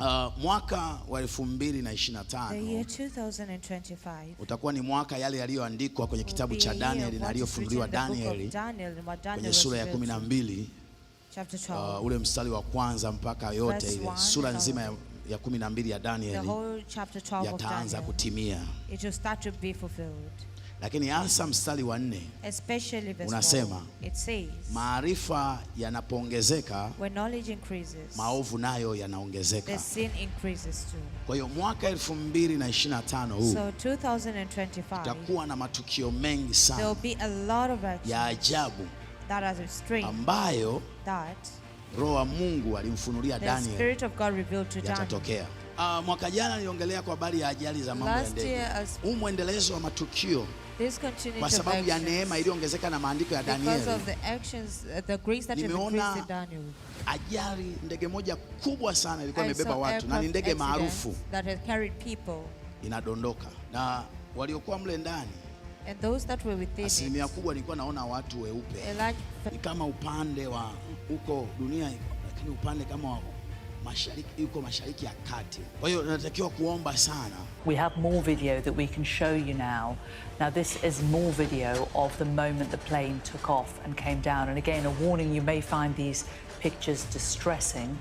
Uh, mwaka wa 2025 utakuwa ni mwaka yale yaliyoandikwa kwenye kitabu cha Danieli na aliyofunuliwa Danieli kwenye sura ya 12 uh, ule mstari wa kwanza mpaka yote ile sura nzima ya, ya 12 ya Danieli yataanza kutimia. It will start to be fulfilled. Lakini hasa mstari wa nne unasema maarifa yanapoongezeka maovu nayo yanaongezeka. Kwa hiyo mwaka 2025 huu utakuwa na matukio mengi sana ya ajabu ambayo Roho wa Mungu alimfunulia Daniel yatatokea. Uh, mwaka jana niliongelea kwa habari ya ajali za mambo ya ndege. Huu mwendelezo wa matukio kwa sababu ya neema iliyoongezeka na maandiko ya uh, Daniel. Nimeona ajali ndege moja kubwa sana ilikuwa imebeba watu na ni ndege maarufu inadondoka, na waliokuwa mle ndani asilimia kubwa nilikuwa naona watu weupe, ni kama upande wa huko dunia, lakini upande kama wa mashariki, yuko mashariki ya kati. Kwa hiyo natakiwa kuomba sana. We have more video that we can show you now. Now this is more video of the moment the plane took off and came down. And again, a warning, you may find these pictures distressing.